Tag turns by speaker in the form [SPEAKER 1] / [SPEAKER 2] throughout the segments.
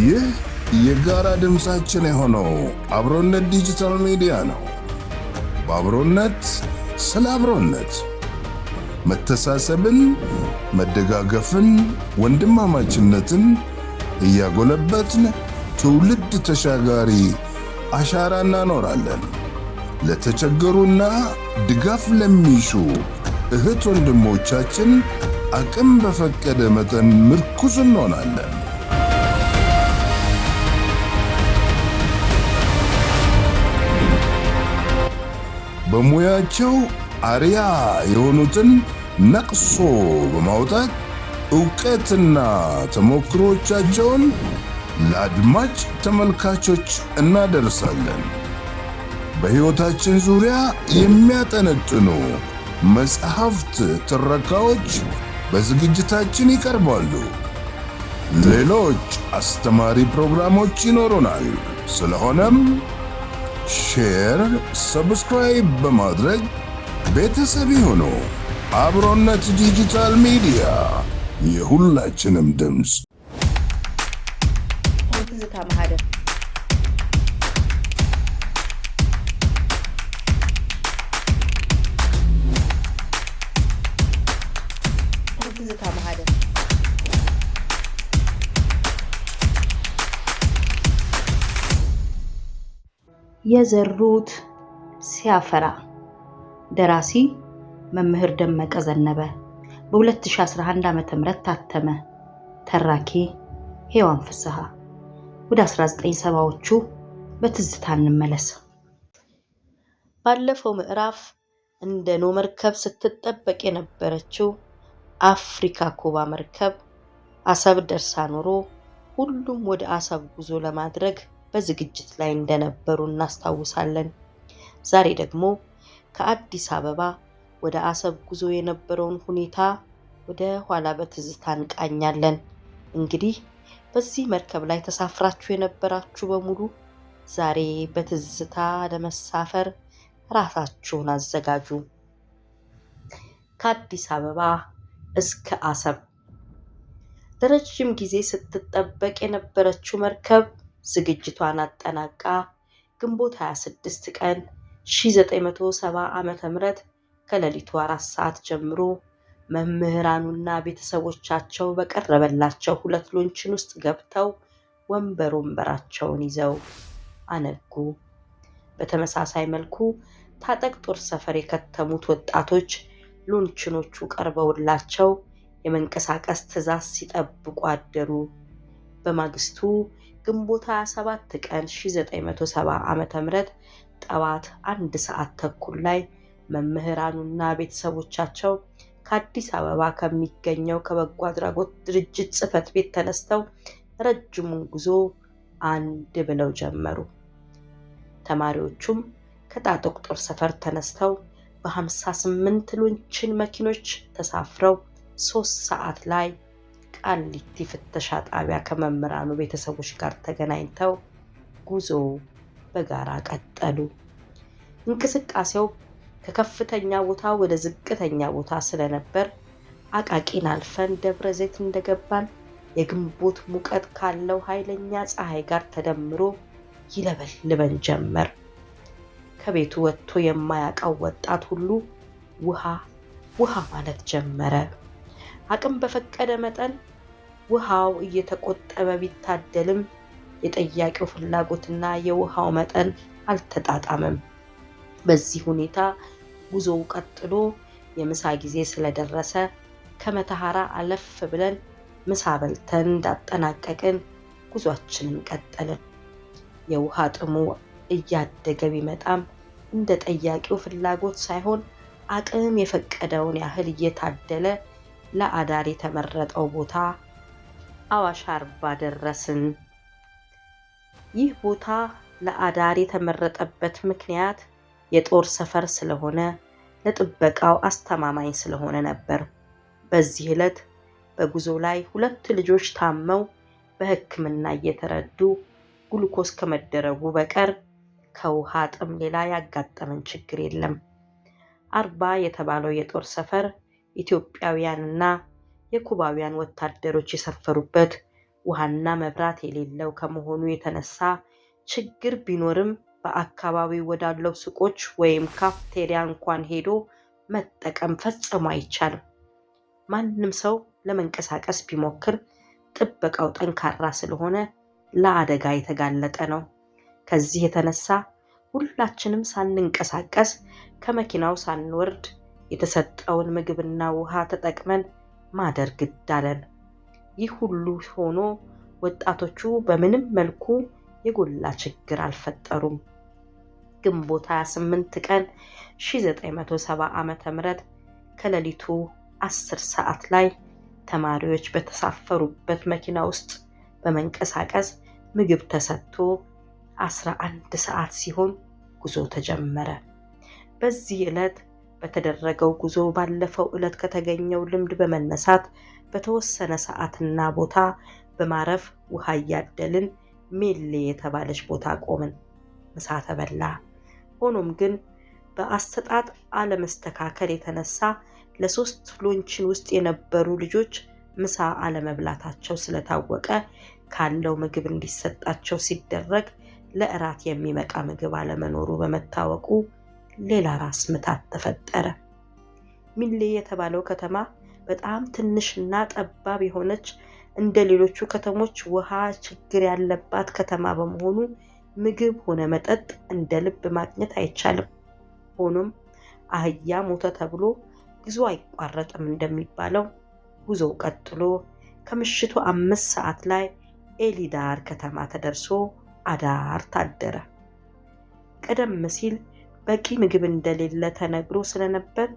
[SPEAKER 1] ይህ የጋራ ድምፃችን የሆነው አብሮነት ዲጂታል ሚዲያ ነው። በአብሮነት ስለ አብሮነት መተሳሰብን፣ መደጋገፍን፣ ወንድማማችነትን እያጎለበትን ትውልድ ተሻጋሪ አሻራ እናኖራለን። ለተቸገሩና ድጋፍ ለሚሹ እህት ወንድሞቻችን አቅም በፈቀደ መጠን ምርኩዝ እንሆናለን። በሙያቸው አርያ የሆኑትን ነቅሶ በማውጣት እውቀትና ተሞክሮቻቸውን ለአድማጭ ተመልካቾች እናደርሳለን። በሕይወታችን ዙሪያ የሚያጠነጥኑ መጽሐፍት ትረካዎች በዝግጅታችን ይቀርባሉ። ሌሎች አስተማሪ ፕሮግራሞች ይኖሩናል። ስለሆነም ሼር፣ ሰብስክራይብ በማድረግ ቤተሰብ ይሁኑ። አብሮነት ዲጂታል ሚዲያ የሁላችንም ድምፅ
[SPEAKER 2] የዘሩት ሲያፈራ ደራሲ መምህር ደመቀ ዘነበ በ2011 ዓ.ም ታተመ። ተራኪ ሔዋን ፍስሐ። ወደ 1970ዎቹ በትዝታ እንመለስ። ባለፈው ምዕራፍ እንደ ኖ መርከብ ስትጠበቅ የነበረችው አፍሪካ ኩባ መርከብ አሰብ ደርሳ ኖሮ ሁሉም ወደ አሰብ ጉዞ ለማድረግ በዝግጅት ላይ እንደነበሩ እናስታውሳለን። ዛሬ ደግሞ ከአዲስ አበባ ወደ አሰብ ጉዞ የነበረውን ሁኔታ ወደ ኋላ በትዝታ እንቃኛለን። እንግዲህ በዚህ መርከብ ላይ ተሳፍራችሁ የነበራችሁ በሙሉ ዛሬ በትዝታ ለመሳፈር ራሳችሁን አዘጋጁ። ከአዲስ አበባ እስከ አሰብ ለረጅም ጊዜ ስትጠበቅ የነበረችው መርከብ ዝግጅቷን አጠናቃ ግንቦት 26 ቀን 1970 ዓ.ም ከሌሊቱ አራት ሰዓት ጀምሮ መምህራኑና ቤተሰቦቻቸው በቀረበላቸው ሁለት ሎንችን ውስጥ ገብተው ወንበር ወንበራቸውን ይዘው አነጉ። በተመሳሳይ መልኩ ታጠቅ ጦር ሰፈር የከተሙት ወጣቶች ሎንችኖቹ ቀርበውላቸው የመንቀሳቀስ ትዕዛዝ ሲጠብቁ አደሩ። በማግስቱ ግንቦት 27 ቀን 1970 ዓ.ም ጠዋት አንድ ሰዓት ተኩል ላይ መምህራኑና ቤተሰቦቻቸው ከአዲስ አበባ ከሚገኘው ከበጎ አድራጎት ድርጅት ጽህፈት ቤት ተነስተው ረጅሙን ጉዞ አንድ ብለው ጀመሩ። ተማሪዎቹም ከጣጦቅ ጦር ሰፈር ተነስተው በ58 ሎንችን መኪኖች ተሳፍረው ሶስት ሰዓት ላይ ቃሊቲ ፍተሻ ጣቢያ ከመምህራኑ ቤተሰቦች ጋር ተገናኝተው ጉዞ በጋራ ቀጠሉ። እንቅስቃሴው ከከፍተኛ ቦታ ወደ ዝቅተኛ ቦታ ስለነበር አቃቂን አልፈን ደብረ ዘይት እንደገባን የግንቦት ሙቀት ካለው ኃይለኛ ፀሐይ ጋር ተደምሮ ይለበልበን ጀመር። ከቤቱ ወጥቶ የማያውቀው ወጣት ሁሉ ውሃ ውሃ ማለት ጀመረ። አቅም በፈቀደ መጠን ውሃው እየተቆጠበ ቢታደልም የጠያቂው ፍላጎትና የውሃው መጠን አልተጣጣመም። በዚህ ሁኔታ ጉዞው ቀጥሎ የምሳ ጊዜ ስለደረሰ ከመተሐራ አለፍ ብለን ምሳ በልተን እንዳጠናቀቅን ጉዟችንን ቀጠልን። የውሃ ጥሙ እያደገ ቢመጣም እንደ ጠያቂው ፍላጎት ሳይሆን አቅም የፈቀደውን ያህል እየታደለ ለአዳር የተመረጠው ቦታ አዋሽ አርባ ደረስን። ይህ ቦታ ለአዳር የተመረጠበት ምክንያት የጦር ሰፈር ስለሆነ ለጥበቃው አስተማማኝ ስለሆነ ነበር። በዚህ ዕለት በጉዞ ላይ ሁለት ልጆች ታመው በሕክምና እየተረዱ ግሉኮስ ከመደረጉ በቀር ከውሃ ጥም ሌላ ያጋጠመን ችግር የለም። አርባ የተባለው የጦር ሰፈር ኢትዮጵያውያንና የኩባውያን ወታደሮች የሰፈሩበት ውሃና መብራት የሌለው ከመሆኑ የተነሳ ችግር ቢኖርም በአካባቢው ወዳለው ሱቆች ወይም ካፍቴሪያ እንኳን ሄዶ መጠቀም ፈጽሞ አይቻልም። ማንም ሰው ለመንቀሳቀስ ቢሞክር ጥበቃው ጠንካራ ስለሆነ ለአደጋ የተጋለጠ ነው። ከዚህ የተነሳ ሁላችንም ሳንንቀሳቀስ ከመኪናው ሳንወርድ የተሰጠውን ምግብና ውሃ ተጠቅመን ማደር ግድ አለን። ይህ ሁሉ ሆኖ ወጣቶቹ በምንም መልኩ የጎላ ችግር አልፈጠሩም። ግንቦት 28 ቀን 1970 ዓ ም ከሌሊቱ 10 ሰዓት ላይ ተማሪዎች በተሳፈሩበት መኪና ውስጥ በመንቀሳቀስ ምግብ ተሰጥቶ 11 ሰዓት ሲሆን ጉዞ ተጀመረ። በዚህ ዕለት በተደረገው ጉዞ ባለፈው ዕለት ከተገኘው ልምድ በመነሳት በተወሰነ ሰዓትና ቦታ በማረፍ ውሃ እያደልን ሜሌ የተባለች ቦታ ቆምን። ምሳ ተበላ። ሆኖም ግን በአሰጣጥ አለመስተካከል የተነሳ ለሶስት ሎንችን ውስጥ የነበሩ ልጆች ምሳ አለመብላታቸው ስለታወቀ ካለው ምግብ እንዲሰጣቸው ሲደረግ ለእራት የሚመቃ ምግብ አለመኖሩ በመታወቁ ሌላ ራስ ምታት ተፈጠረ። ሚሌ የተባለው ከተማ በጣም ትንሽና ጠባብ የሆነች እንደ ሌሎቹ ከተሞች ውሃ ችግር ያለባት ከተማ በመሆኑ ምግብ ሆነ መጠጥ እንደ ልብ ማግኘት አይቻልም። ሆኖም አህያ ሞተ ተብሎ ጉዞ አይቋረጥም እንደሚባለው ጉዞው ቀጥሎ ከምሽቱ አምስት ሰዓት ላይ ኤሊዳር ከተማ ተደርሶ አዳር ታደረ። ቀደም ሲል በቂ ምግብ እንደሌለ ተነግሮ ስለነበር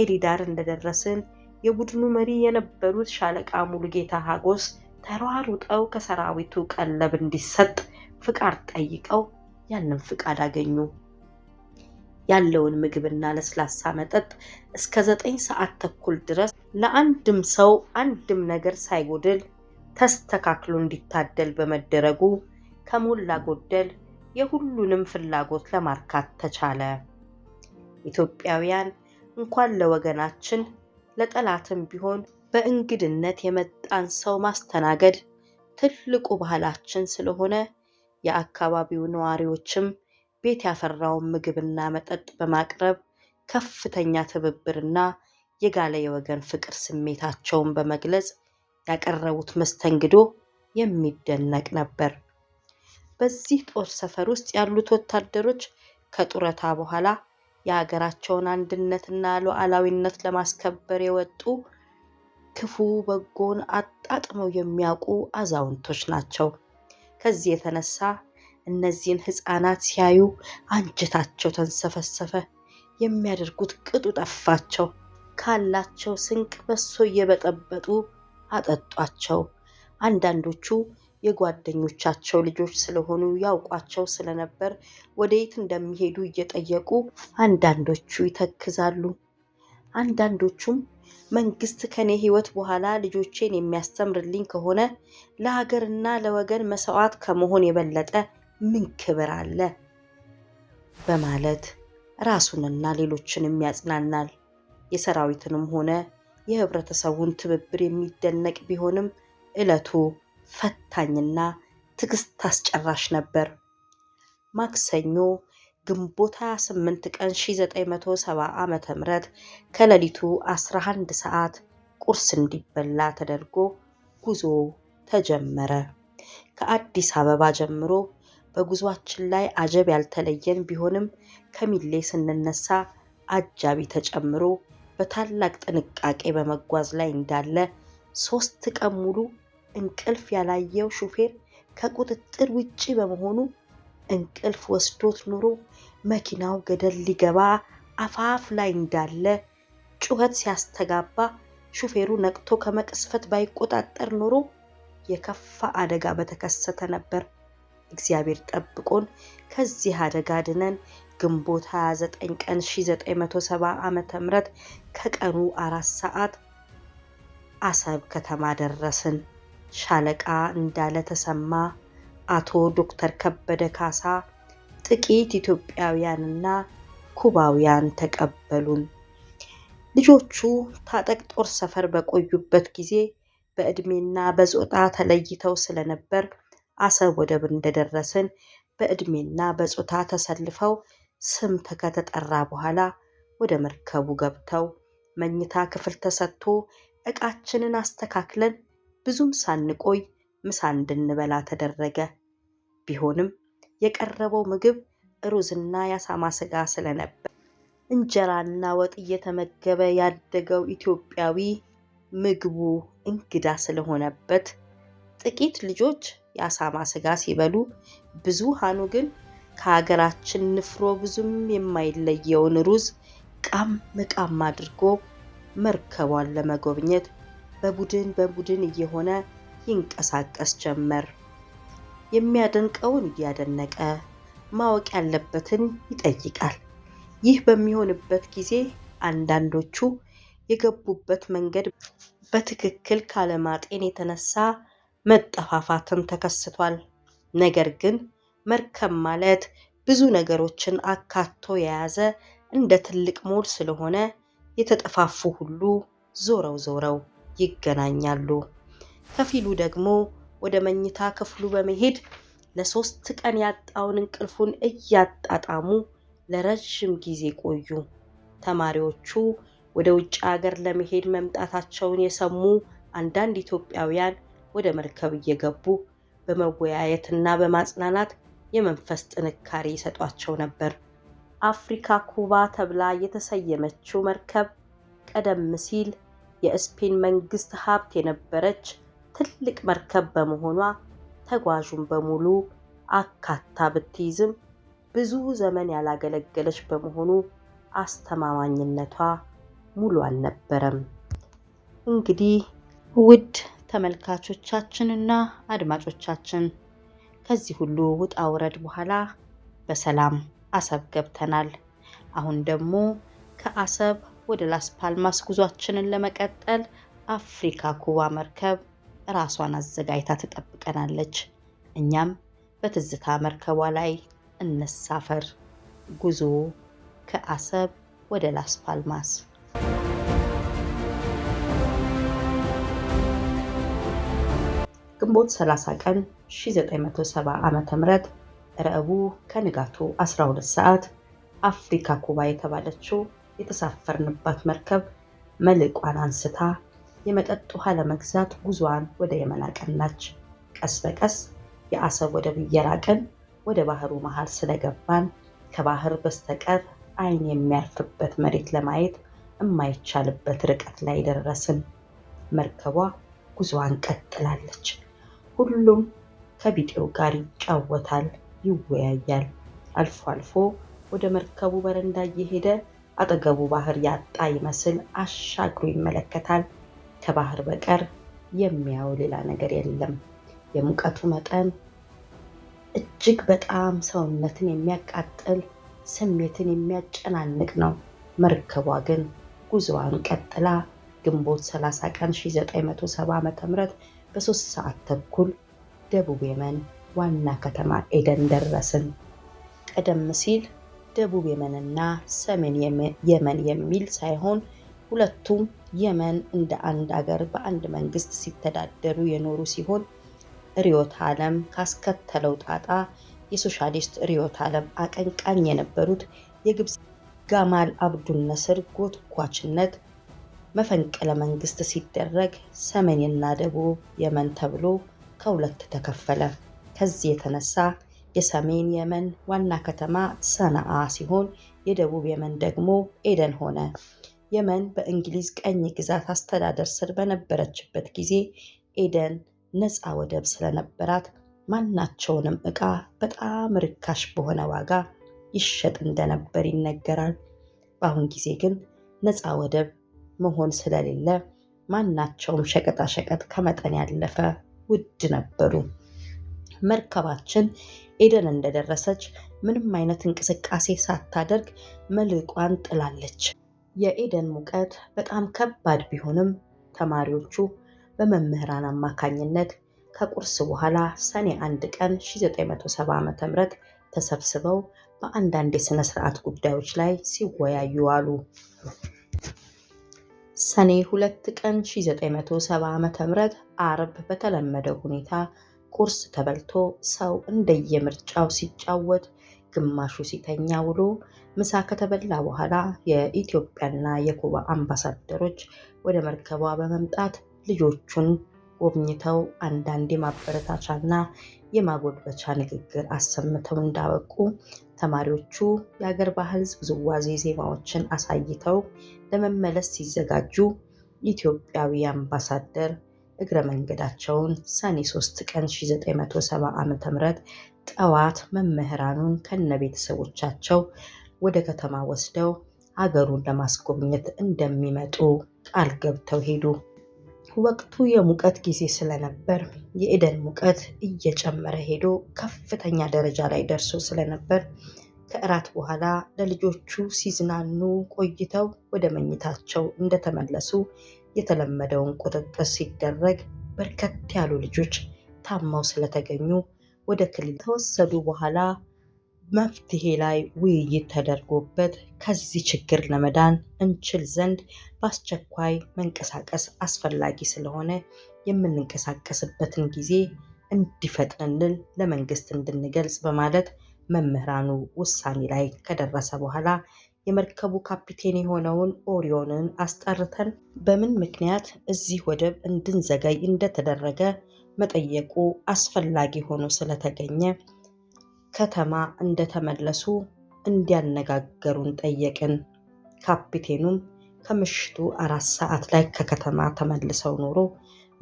[SPEAKER 2] ኤሊዳር እንደደረስን የቡድኑ መሪ የነበሩት ሻለቃ ሙሉጌታ ሀጎስ ተሯሩጠው ከሰራዊቱ ቀለብ እንዲሰጥ ፍቃድ ጠይቀው ያንን ፍቃድ አገኙ። ያለውን ምግብና ለስላሳ መጠጥ እስከ ዘጠኝ ሰዓት ተኩል ድረስ ለአንድም ሰው አንድም ነገር ሳይጎድል ተስተካክሎ እንዲታደል በመደረጉ ከሞላ ጎደል የሁሉንም ፍላጎት ለማርካት ተቻለ። ኢትዮጵያውያን እንኳን ለወገናችን ለጠላትም ቢሆን በእንግድነት የመጣን ሰው ማስተናገድ ትልቁ ባህላችን ስለሆነ የአካባቢው ነዋሪዎችም ቤት ያፈራውን ምግብና መጠጥ በማቅረብ ከፍተኛ ትብብርና የጋለ የወገን ፍቅር ስሜታቸውን በመግለጽ ያቀረቡት መስተንግዶ የሚደነቅ ነበር። በዚህ ጦር ሰፈር ውስጥ ያሉት ወታደሮች ከጡረታ በኋላ የሀገራቸውን አንድነትና ሉዓላዊነት ለማስከበር የወጡ ክፉ በጎን አጣጥመው የሚያውቁ አዛውንቶች ናቸው። ከዚህ የተነሳ እነዚህን ሕፃናት ሲያዩ አንጀታቸው ተንሰፈሰፈ። የሚያደርጉት ቅጡ ጠፋቸው። ካላቸው ስንቅ በሶ እየበጠበጡ አጠጧቸው። አንዳንዶቹ የጓደኞቻቸው ልጆች ስለሆኑ ያውቋቸው ስለነበር የት እንደሚሄዱ እየጠየቁ አንዳንዶቹ ይተክዛሉ። አንዳንዶቹም መንግስት ከኔ ህይወት በኋላ ልጆቼን የሚያስተምርልኝ ከሆነ ለሀገርና ለወገን መሥዋዕት ከመሆን የበለጠ ምን ክብር አለ? በማለት ራሱንና ሌሎችንም ያጽናናል። የሰራዊትንም ሆነ የህብረተሰቡን ትብብር የሚደነቅ ቢሆንም እለቱ ፈታኝና ትዕግስት አስጨራሽ ነበር። ማክሰኞ ግንቦት 28 ቀን 1970 ዓ.ም ከሌሊቱ 11 ሰዓት ቁርስ እንዲበላ ተደርጎ ጉዞ ተጀመረ። ከአዲስ አበባ ጀምሮ በጉዟችን ላይ አጀብ ያልተለየን ቢሆንም ከሚሌ ስንነሳ አጃቢ ተጨምሮ በታላቅ ጥንቃቄ በመጓዝ ላይ እንዳለ ሶስት ቀን ሙሉ እንቅልፍ ያላየው ሹፌር ከቁጥጥር ውጪ በመሆኑ እንቅልፍ ወስዶት ኑሮ መኪናው ገደል ሊገባ አፋፍ ላይ እንዳለ ጩኸት ሲያስተጋባ ሹፌሩ ነቅቶ ከመቅስፈት ባይቆጣጠር ኖሮ የከፋ አደጋ በተከሰተ ነበር። እግዚአብሔር ጠብቆን ከዚህ አደጋ ድነን ግንቦት 29 ቀን 1970 ዓ.ም ከቀኑ አራት ሰዓት አሰብ ከተማ ደረስን። ሻለቃ እንዳለ ተሰማ፣ አቶ ዶክተር ከበደ ካሳ፣ ጥቂት ኢትዮጵያውያንና ኩባውያን ተቀበሉን። ልጆቹ ታጠቅ ጦር ሰፈር በቆዩበት ጊዜ በእድሜና በጾታ ተለይተው ስለነበር አሰብ ወደብ እንደደረስን በእድሜና በጾታ ተሰልፈው ስም ከተጠራ በኋላ ወደ መርከቡ ገብተው መኝታ ክፍል ተሰጥቶ ዕቃችንን አስተካክለን ብዙም ሳንቆይ ምሳ እንድንበላ ተደረገ። ቢሆንም የቀረበው ምግብ ሩዝና የአሳማ ስጋ ስለነበር እንጀራና ወጥ እየተመገበ ያደገው ኢትዮጵያዊ ምግቡ እንግዳ ስለሆነበት ጥቂት ልጆች የአሳማ ስጋ ሲበሉ፣ ብዙሃኑ ግን ከሀገራችን ንፍሮ ብዙም የማይለየውን ሩዝ ቃም ቃም አድርጎ መርከቧን ለመጎብኘት በቡድን በቡድን እየሆነ ይንቀሳቀስ ጀመር። የሚያደንቀውን እያደነቀ ማወቅ ያለበትን ይጠይቃል። ይህ በሚሆንበት ጊዜ አንዳንዶቹ የገቡበት መንገድ በትክክል ካለማጤን የተነሳ መጠፋፋትም ተከስቷል። ነገር ግን መርከብ ማለት ብዙ ነገሮችን አካቶ የያዘ እንደ ትልቅ ሞል ስለሆነ የተጠፋፉ ሁሉ ዞረው ዞረው ይገናኛሉ። ከፊሉ ደግሞ ወደ መኝታ ክፍሉ በመሄድ ለሶስት ቀን ያጣውን እንቅልፉን እያጣጣሙ ለረዥም ጊዜ ቆዩ። ተማሪዎቹ ወደ ውጭ ሀገር ለመሄድ መምጣታቸውን የሰሙ አንዳንድ ኢትዮጵያውያን ወደ መርከብ እየገቡ በመወያየትና በማጽናናት የመንፈስ ጥንካሬ ይሰጧቸው ነበር። አፍሪካ ኩባ ተብላ የተሰየመችው መርከብ ቀደም ሲል የስፔን መንግስት ሀብት የነበረች ትልቅ መርከብ በመሆኗ ተጓዡን በሙሉ አካታ ብትይዝም ብዙ ዘመን ያላገለገለች በመሆኑ አስተማማኝነቷ ሙሉ አልነበረም። እንግዲህ ውድ ተመልካቾቻችንና አድማጮቻችን ከዚህ ሁሉ ውጣ ውረድ በኋላ በሰላም አሰብ ገብተናል። አሁን ደግሞ ከአሰብ ወደ ላስ ፓልማስ ጉዟችንን ለመቀጠል አፍሪካ ኩባ መርከብ ራሷን አዘጋጅታ ትጠብቀናለች። እኛም በትዝታ መርከቧ ላይ እንሳፈር። ጉዞ ከአሰብ ወደ ላስ ፓልማስ። ግንቦት 30 ቀን 1970 ዓ.ም ረቡዕ ከንጋቱ 12 ሰዓት አፍሪካ ኩባ የተባለችው የተሳፈርንባት መርከብ መልቋን አንስታ የመጠጥ ውሃ ለመግዛት ጉዞዋን ወደ የመን አቀናች። ቀስ በቀስ የአሰብ ወደብ እየራቅን ወደ ባህሩ መሃል ስለገባን ከባህር በስተቀር ዓይን የሚያርፍበት መሬት ለማየት የማይቻልበት ርቀት ላይ ደረስን። መርከቧ ጉዞዋን ቀጥላለች። ሁሉም ከቢጤው ጋር ይጫወታል፣ ይወያያል። አልፎ አልፎ ወደ መርከቡ በረንዳ እየሄደ አጠገቡ ባህር ያጣ ይመስል አሻግሮ ይመለከታል። ከባህር በቀር የሚያየው ሌላ ነገር የለም። የሙቀቱ መጠን እጅግ በጣም ሰውነትን የሚያቃጥል ስሜትን የሚያጨናንቅ ነው። መርከቧ ግን ጉዞዋን ቀጥላ ግንቦት 30 ቀን 1970 ዓ.ም በ3 ሰዓት ተኩል ደቡብ የመን ዋና ከተማ ኤደን ደረስን። ቀደም ሲል ደቡብ የመንና ሰሜን የመን የሚል ሳይሆን ሁለቱም የመን እንደ አንድ አገር በአንድ መንግስት ሲተዳደሩ የኖሩ ሲሆን ርዕዮተ ዓለም ካስከተለው ጣጣ የሶሻሊስት ርዕዮተ ዓለም አቀንቃኝ የነበሩት የግብፅ ጋማል አብዱነስር ጎትኳችነት መፈንቅለ መንግስት ሲደረግ ሰሜንና ደቡብ የመን ተብሎ ከሁለት ተከፈለ። ከዚህ የተነሳ የሰሜን የመን ዋና ከተማ ሰነአ ሲሆን የደቡብ የመን ደግሞ ኤደን ሆነ። የመን በእንግሊዝ ቀኝ ግዛት አስተዳደር ስር በነበረችበት ጊዜ ኤደን ነፃ ወደብ ስለነበራት ማናቸውንም ዕቃ በጣም ርካሽ በሆነ ዋጋ ይሸጥ እንደነበር ይነገራል። በአሁን ጊዜ ግን ነፃ ወደብ መሆን ስለሌለ ማናቸውም ሸቀጣሸቀጥ ከመጠን ያለፈ ውድ ነበሩ። መርከባችን ኤደን እንደደረሰች ምንም አይነት እንቅስቃሴ ሳታደርግ መልቋን ጥላለች። የኤደን ሙቀት በጣም ከባድ ቢሆንም ተማሪዎቹ በመምህራን አማካኝነት ከቁርስ በኋላ ሰኔ 1 ቀን 1970 ዓ.ም ተሰብስበው በአንዳንድ የሥነ ሥርዓት ጉዳዮች ላይ ሲወያዩ አሉ። ሰኔ 2 ቀን 1970 ዓ.ም አርብ በተለመደው ሁኔታ ቁርስ ተበልቶ ሰው እንደየምርጫው ሲጫወት፣ ግማሹ ሲተኛ ውሎ ምሳ ከተበላ በኋላ የኢትዮጵያና የኩባ አምባሳደሮች ወደ መርከቧ በመምጣት ልጆቹን ጎብኝተው አንዳንድ የማበረታቻና የማጎልበቻ ንግግር አሰምተው እንዳበቁ ተማሪዎቹ የአገር ባህል ውዝዋዜ ዜማዎችን አሳይተው ለመመለስ ሲዘጋጁ ኢትዮጵያዊ አምባሳደር እግረ መንገዳቸውን ሰኔ 3 ቀን 1970 ዓ.ም ጠዋት መምህራኑን ከነቤተሰቦቻቸው ወደ ከተማ ወስደው አገሩን ለማስጎብኘት እንደሚመጡ ቃል ገብተው ሄዱ። ወቅቱ የሙቀት ጊዜ ስለነበር የኢደን ሙቀት እየጨመረ ሄዶ ከፍተኛ ደረጃ ላይ ደርሶ ስለነበር ከእራት በኋላ ለልጆቹ ሲዝናኑ ቆይተው ወደ መኝታቸው እንደተመለሱ የተለመደውን ቁጥጥር ሲደረግ በርከት ያሉ ልጆች ታመው ስለተገኙ ወደ ክልል ተወሰዱ በኋላ መፍትሄ ላይ ውይይት ተደርጎበት ከዚህ ችግር ለመዳን እንችል ዘንድ በአስቸኳይ መንቀሳቀስ አስፈላጊ ስለሆነ የምንንቀሳቀስበትን ጊዜ እንዲፈጥንልን ለመንግስት እንድንገልጽ በማለት መምህራኑ ውሳኔ ላይ ከደረሰ በኋላ የመርከቡ ካፒቴን የሆነውን ኦሪዮንን አስጠርተን በምን ምክንያት እዚህ ወደብ እንድንዘገይ እንደተደረገ መጠየቁ አስፈላጊ ሆኖ ስለተገኘ ከተማ እንደተመለሱ እንዲያነጋገሩን ጠየቅን። ካፒቴኑም ከምሽቱ አራት ሰዓት ላይ ከከተማ ተመልሰው ኖሮ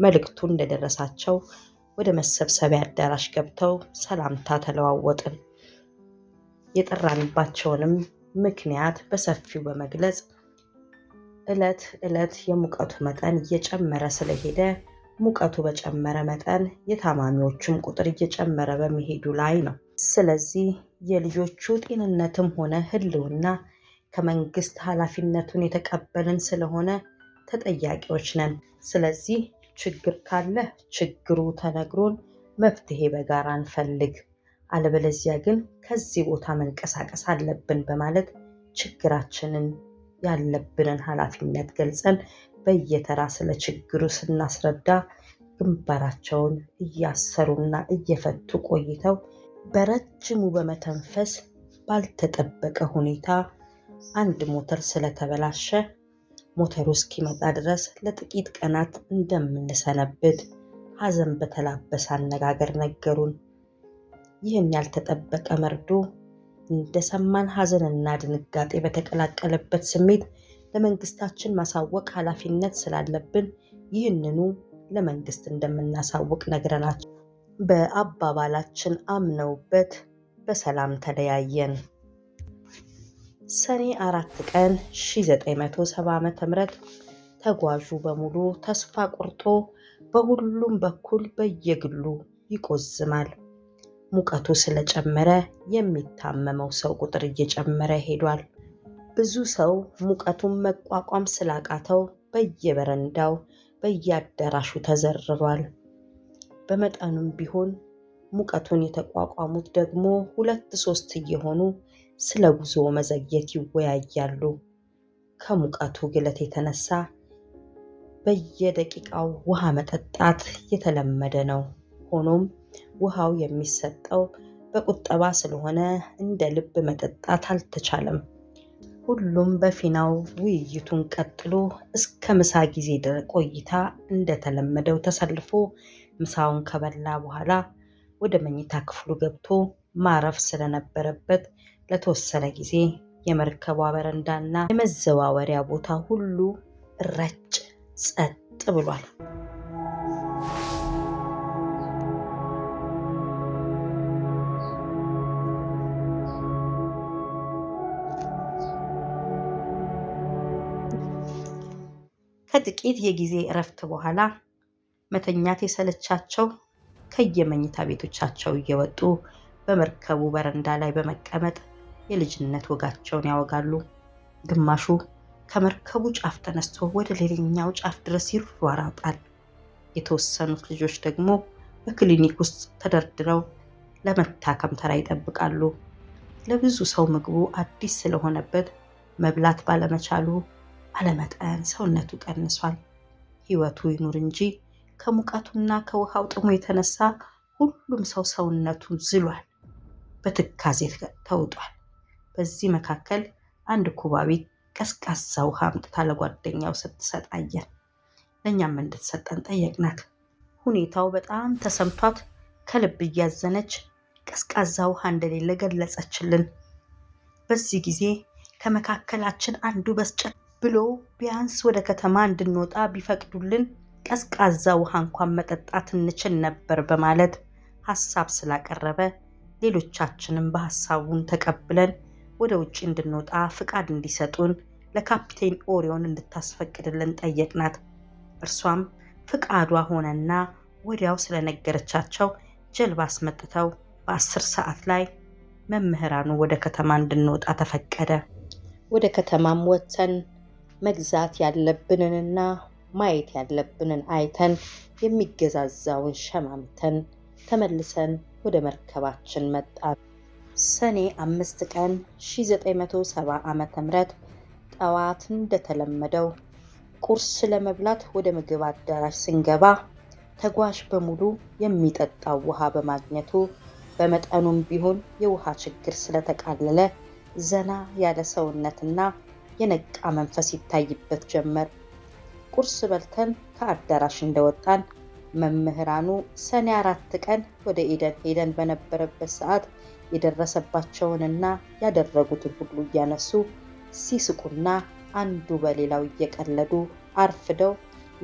[SPEAKER 2] መልእክቱ እንደደረሳቸው ወደ መሰብሰቢያ አዳራሽ ገብተው ሰላምታ ተለዋወጥን። የጠራንባቸውንም ምክንያት በሰፊው በመግለጽ እለት እለት የሙቀቱ መጠን እየጨመረ ስለሄደ ሙቀቱ በጨመረ መጠን የታማሚዎቹም ቁጥር እየጨመረ በመሄዱ ላይ ነው። ስለዚህ የልጆቹ ጤንነትም ሆነ ሕልውና ከመንግስት ኃላፊነቱን የተቀበልን ስለሆነ ተጠያቂዎች ነን። ስለዚህ ችግር ካለ ችግሩ ተነግሮን መፍትሄ በጋራ እንፈልግ። አለበለዚያ ግን ከዚህ ቦታ መንቀሳቀስ አለብን በማለት ችግራችንን ያለብንን ኃላፊነት ገልጸን በየተራ ስለ ችግሩ ስናስረዳ ግንባራቸውን እያሰሩና እየፈቱ ቆይተው በረጅሙ በመተንፈስ ባልተጠበቀ ሁኔታ አንድ ሞተር ስለተበላሸ ሞተሩ እስኪመጣ ድረስ ለጥቂት ቀናት እንደምንሰነብት ሐዘን በተላበሰ አነጋገር ነገሩን። ይህን ያልተጠበቀ መርዶ እንደሰማን ሐዘንና ድንጋጤ በተቀላቀለበት ስሜት ለመንግስታችን ማሳወቅ ኃላፊነት ስላለብን ይህንኑ ለመንግስት እንደምናሳውቅ ነግረናቸው በአባባላችን አምነውበት በሰላም ተለያየን። ሰኔ አራት ቀን 1970 ዓ.ም ተጓዡ በሙሉ ተስፋ ቆርጦ በሁሉም በኩል በየግሉ ይቆዝማል። ሙቀቱ ስለጨመረ የሚታመመው ሰው ቁጥር እየጨመረ ሄዷል። ብዙ ሰው ሙቀቱን መቋቋም ስላቃተው በየበረንዳው በየአዳራሹ ተዘርሯል። በመጠኑም ቢሆን ሙቀቱን የተቋቋሙት ደግሞ ሁለት ሶስት እየሆኑ ስለ ጉዞ መዘግየት ይወያያሉ። ከሙቀቱ ግለት የተነሳ በየደቂቃው ውሃ መጠጣት የተለመደ ነው። ሆኖም ውሃው የሚሰጠው በቁጠባ ስለሆነ እንደ ልብ መጠጣት አልተቻለም። ሁሉም በፊናው ውይይቱን ቀጥሎ እስከ ምሳ ጊዜ ቆይታ እንደተለመደው ተሰልፎ ምሳውን ከበላ በኋላ ወደ መኝታ ክፍሉ ገብቶ ማረፍ ስለነበረበት ለተወሰነ ጊዜ የመርከቧ በረንዳና የመዘዋወሪያ ቦታ ሁሉ ረጭ ጸጥ ብሏል። ከጥቂት የጊዜ እረፍት በኋላ መተኛት የሰለቻቸው ከየመኝታ ቤቶቻቸው እየወጡ በመርከቡ በረንዳ ላይ በመቀመጥ የልጅነት ወጋቸውን ያወጋሉ። ግማሹ ከመርከቡ ጫፍ ተነስቶ ወደ ሌላኛው ጫፍ ድረስ ይሯራጣል። የተወሰኑት ልጆች ደግሞ በክሊኒክ ውስጥ ተደርድረው ለመታከም ተራ ይጠብቃሉ። ለብዙ ሰው ምግቡ አዲስ ስለሆነበት መብላት ባለመቻሉ አለመጠን ሰውነቱ ቀንሷል። ሕይወቱ ይኑር እንጂ ከሙቀቱና ከውሃው ጥሙ የተነሳ ሁሉም ሰው ሰውነቱ ዝሏል፣ በትካዜ ተውጧል። በዚህ መካከል አንድ ኩባቤት ቀዝቃዛ ውሃ አምጥታ ለጓደኛው ስትሰጥ አየን። ለእኛም እንድትሰጠን ጠየቅናት። ሁኔታው በጣም ተሰምቷት ከልብ እያዘነች ቀዝቃዛ ውሃ እንደሌለ ገለጸችልን። በዚህ ጊዜ ከመካከላችን አንዱ በስጨት ብሎ ቢያንስ ወደ ከተማ እንድንወጣ ቢፈቅዱልን ቀዝቃዛ ውሃ እንኳን መጠጣት እንችል ነበር በማለት ሐሳብ ስላቀረበ ሌሎቻችንም በሐሳቡን ተቀብለን ወደ ውጭ እንድንወጣ ፍቃድ እንዲሰጡን ለካፕቴን ኦሪዮን እንድታስፈቅድልን ጠየቅናት። እርሷም ፍቃዷ ሆነና ወዲያው ስለነገረቻቸው ጀልባ አስመጥተው በአስር ሰዓት ላይ መምህራኑ ወደ ከተማ እንድንወጣ ተፈቀደ። ወደ ከተማም ወጥተን መግዛት ያለብንንና ማየት ያለብንን አይተን የሚገዛዛውን ሸማምተን ተመልሰን ወደ መርከባችን መጣን። ሰኔ አምስት ቀን 1970 ዓ.ም ጠዋት እንደተለመደው ቁርስ ለመብላት ወደ ምግብ አዳራሽ ስንገባ ተጓዥ በሙሉ የሚጠጣው ውሃ በማግኘቱ በመጠኑም ቢሆን የውሃ ችግር ስለተቃለለ ዘና ያለ ሰውነትና የነቃ መንፈስ ይታይበት ጀመር። ቁርስ በልተን ከአዳራሽ እንደወጣን መምህራኑ ሰኔ አራት ቀን ወደ ኤደን ሄደን በነበረበት ሰዓት የደረሰባቸውንና ያደረጉትን ሁሉ እያነሱ ሲስቁና አንዱ በሌላው እየቀለዱ አርፍደው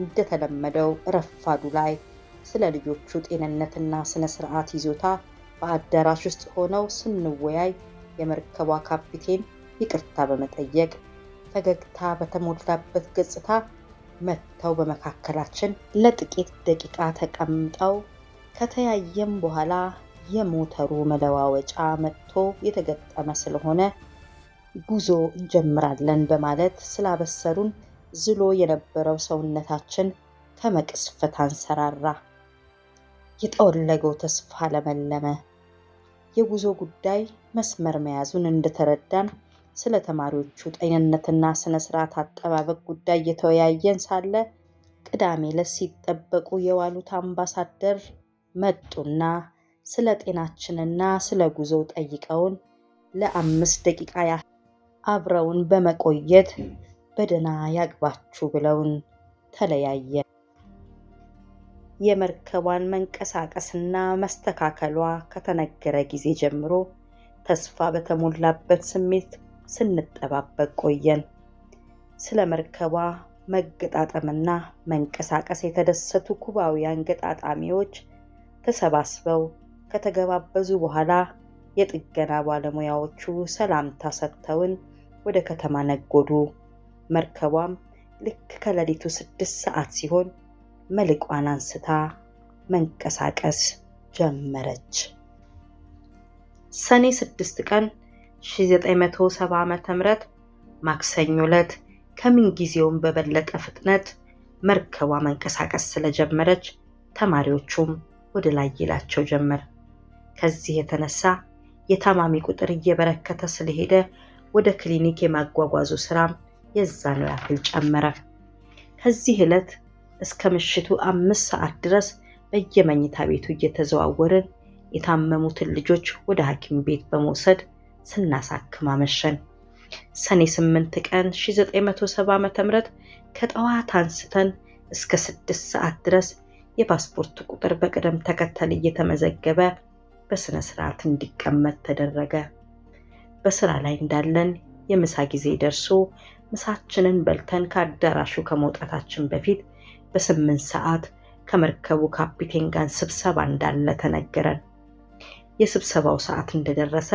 [SPEAKER 2] እንደተለመደው ረፋዱ ላይ ስለ ልጆቹ ጤንነትና ስነ ስርዓት ይዞታ በአዳራሽ ውስጥ ሆነው ስንወያይ የመርከቧ ካፒቴን ይቅርታ በመጠየቅ ፈገግታ በተሞላበት ገጽታ መጥተው በመካከላችን ለጥቂት ደቂቃ ተቀምጠው ከተያየም በኋላ የሞተሩ መለዋወጫ መጥቶ የተገጠመ ስለሆነ ጉዞ እንጀምራለን በማለት ስላበሰሩን ዝሎ የነበረው ሰውነታችን ከመቅስፈት አንሰራራ። የጠወለገው ተስፋ ለመለመ። የጉዞ ጉዳይ መስመር መያዙን እንደተረዳን ስለ ተማሪዎቹ ጤንነትና ስነ ስርዓት አጠባበቅ ጉዳይ እየተወያየን ሳለ ቅዳሜ ለስ ሲጠበቁ የዋሉት አምባሳደር መጡና ስለ ጤናችንና ስለ ጉዞው ጠይቀውን ለአምስት ደቂቃ ያህል አብረውን በመቆየት በደህና ያግባችሁ ብለውን ተለያየ የመርከቧን መንቀሳቀስና መስተካከሏ ከተነገረ ጊዜ ጀምሮ ተስፋ በተሞላበት ስሜት ስንጠባበቅ ቆየን። ስለ መርከቧ መገጣጠምና መንቀሳቀስ የተደሰቱ ኩባውያን ገጣጣሚዎች ተሰባስበው ከተገባበዙ በኋላ የጥገና ባለሙያዎቹ ሰላምታ ሰጥተውን ወደ ከተማ ነጎዱ። መርከቧም ልክ ከሌሊቱ ስድስት ሰዓት ሲሆን መልቋን አንስታ መንቀሳቀስ ጀመረች። ሰኔ ስድስት ቀን 1970 ዓ ም ማክሰኞ ዕለት ከምንጊዜውም በበለጠ ፍጥነት መርከቧ መንቀሳቀስ ስለጀመረች ተማሪዎቹም ወደ ላይ ይላቸው ጀመር። ከዚህ የተነሳ የታማሚ ቁጥር እየበረከተ ስለሄደ ወደ ክሊኒክ የማጓጓዙ ስራም ነው ያክል ጨመረ። ከዚህ ዕለት እስከ ምሽቱ አምስት ሰዓት ድረስ በየመኝታ ቤቱ እየተዘዋወርን የታመሙትን ልጆች ወደ ሐኪም ቤት በመውሰድ ስናሳክም አመሸን። ሰኔ 8 ቀን 1970 ዓ.ም ከጠዋት አንስተን እስከ 6 ሰዓት ድረስ የፓስፖርት ቁጥር በቅደም ተከተል እየተመዘገበ በሥነ ሥርዓት እንዲቀመጥ ተደረገ። በስራ ላይ እንዳለን የምሳ ጊዜ ደርሶ ምሳችንን በልተን ከአዳራሹ ከመውጣታችን በፊት በስምንት ሰዓት ከመርከቡ ካፒቴን ጋር ስብሰባ እንዳለ ተነገረን። የስብሰባው ሰዓት እንደደረሰ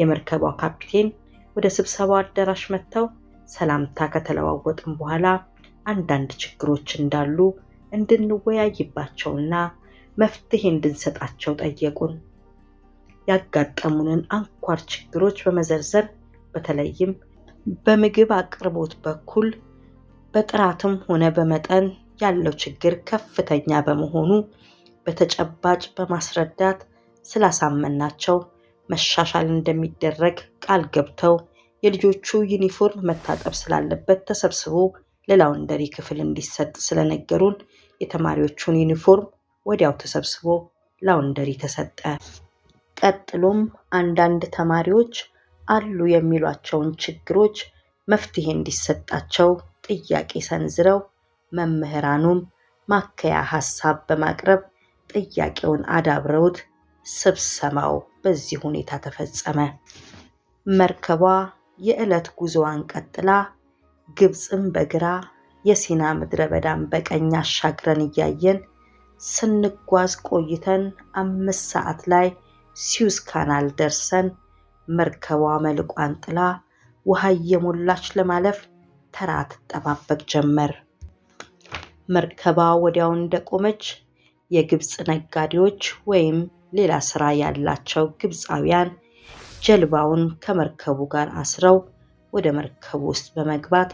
[SPEAKER 2] የመርከቧ ካፒቴን ወደ ስብሰባው አዳራሽ መጥተው ሰላምታ ከተለዋወጥም በኋላ አንዳንድ ችግሮች እንዳሉ እንድንወያይባቸውና መፍትሄ እንድንሰጣቸው ጠየቁን። ያጋጠሙንን አንኳር ችግሮች በመዘርዘር በተለይም በምግብ አቅርቦት በኩል በጥራትም ሆነ በመጠን ያለው ችግር ከፍተኛ በመሆኑ በተጨባጭ በማስረዳት ስላሳመናቸው መሻሻል እንደሚደረግ ቃል ገብተው የልጆቹ ዩኒፎርም መታጠብ ስላለበት ተሰብስቦ ለላውንደሪ ክፍል እንዲሰጥ ስለነገሩን የተማሪዎቹን ዩኒፎርም ወዲያው ተሰብስቦ ላውንደሪ ተሰጠ። ቀጥሎም አንዳንድ ተማሪዎች አሉ የሚሏቸውን ችግሮች መፍትሄ እንዲሰጣቸው ጥያቄ ሰንዝረው መምህራኑም ማከያ ሀሳብ በማቅረብ ጥያቄውን አዳብረውት ስብሰባው በዚህ ሁኔታ ተፈጸመ። መርከቧ የዕለት ጉዞዋን ቀጥላ ግብፅን በግራ የሲና ምድረ በዳን በቀኝ አሻግረን እያየን ስንጓዝ ቆይተን አምስት ሰዓት ላይ ሲዩዝ ካናል ደርሰን መርከቧ መልቋን ጥላ ውሃ እየሞላች ለማለፍ ተራ ትጠባበቅ ጀመር። መርከቧ ወዲያው እንደቆመች የግብፅ ነጋዴዎች ወይም ሌላ ስራ ያላቸው ግብፃውያን ጀልባውን ከመርከቡ ጋር አስረው ወደ መርከቡ ውስጥ በመግባት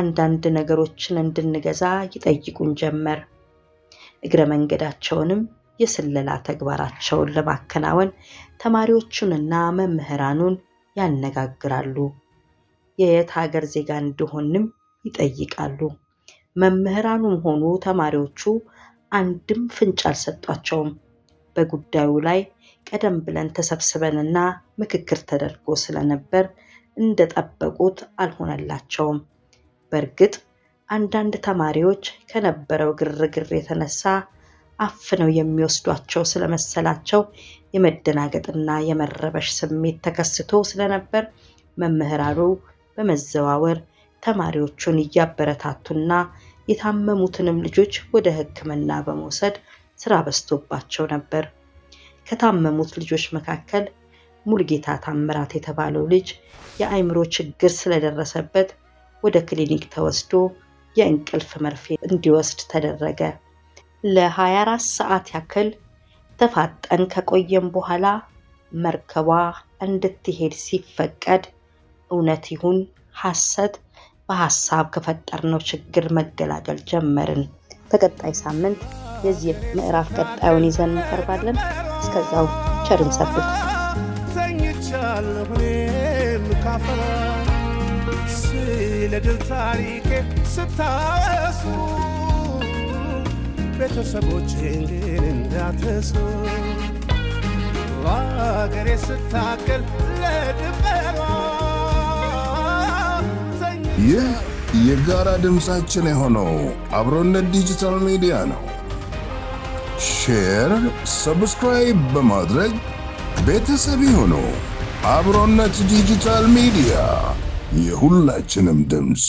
[SPEAKER 2] አንዳንድ ነገሮችን እንድንገዛ ይጠይቁን ጀመር። እግረ መንገዳቸውንም የስለላ ተግባራቸውን ለማከናወን ተማሪዎቹንና መምህራኑን ያነጋግራሉ። የየት ሀገር ዜጋ እንደሆንም ይጠይቃሉ። መምህራኑም ሆኑ ተማሪዎቹ አንድም ፍንጭ አልሰጧቸውም። በጉዳዩ ላይ ቀደም ብለን ተሰብስበንና ምክክር ተደርጎ ስለነበር እንደጠበቁት አልሆነላቸውም። በእርግጥ አንዳንድ ተማሪዎች ከነበረው ግርግር የተነሳ አፍነው የሚወስዷቸው ስለመሰላቸው የመደናገጥና የመረበሽ ስሜት ተከስቶ ስለነበር መምህራኑ በመዘዋወር ተማሪዎቹን እያበረታቱና የታመሙትንም ልጆች ወደ ሕክምና በመውሰድ ስራ በዝቶባቸው ነበር። ከታመሙት ልጆች መካከል ሙልጌታ ታምራት የተባለው ልጅ የአእምሮ ችግር ስለደረሰበት ወደ ክሊኒክ ተወስዶ የእንቅልፍ መርፌ እንዲወስድ ተደረገ። ለ24 ሰዓት ያክል ተፋጠን ከቆየም በኋላ መርከቧ እንድትሄድ ሲፈቀድ እውነት ይሁን ሐሰት በሐሳብ ከፈጠርነው ችግር መገላገል ጀመርን። በቀጣይ ሳምንት የዚህ ምዕራፍ ቀጣዩን ይዘን እንቀርባለን። እስከዛው ቸርን ሰብት ታሪኬ ስታወሱ
[SPEAKER 1] ግን እንዳትረሱ ስታገል ለድንበሯ ይህ የጋራ ድምፃችን የሆነው አብሮነት ዲጂታል ሚዲያ ነው። ሼር፣ ሰብስክራይብ በማድረግ ቤተሰብ ይሁኑ። አብሮነት ዲጂታል ሚዲያ የሁላችንም ድምፅ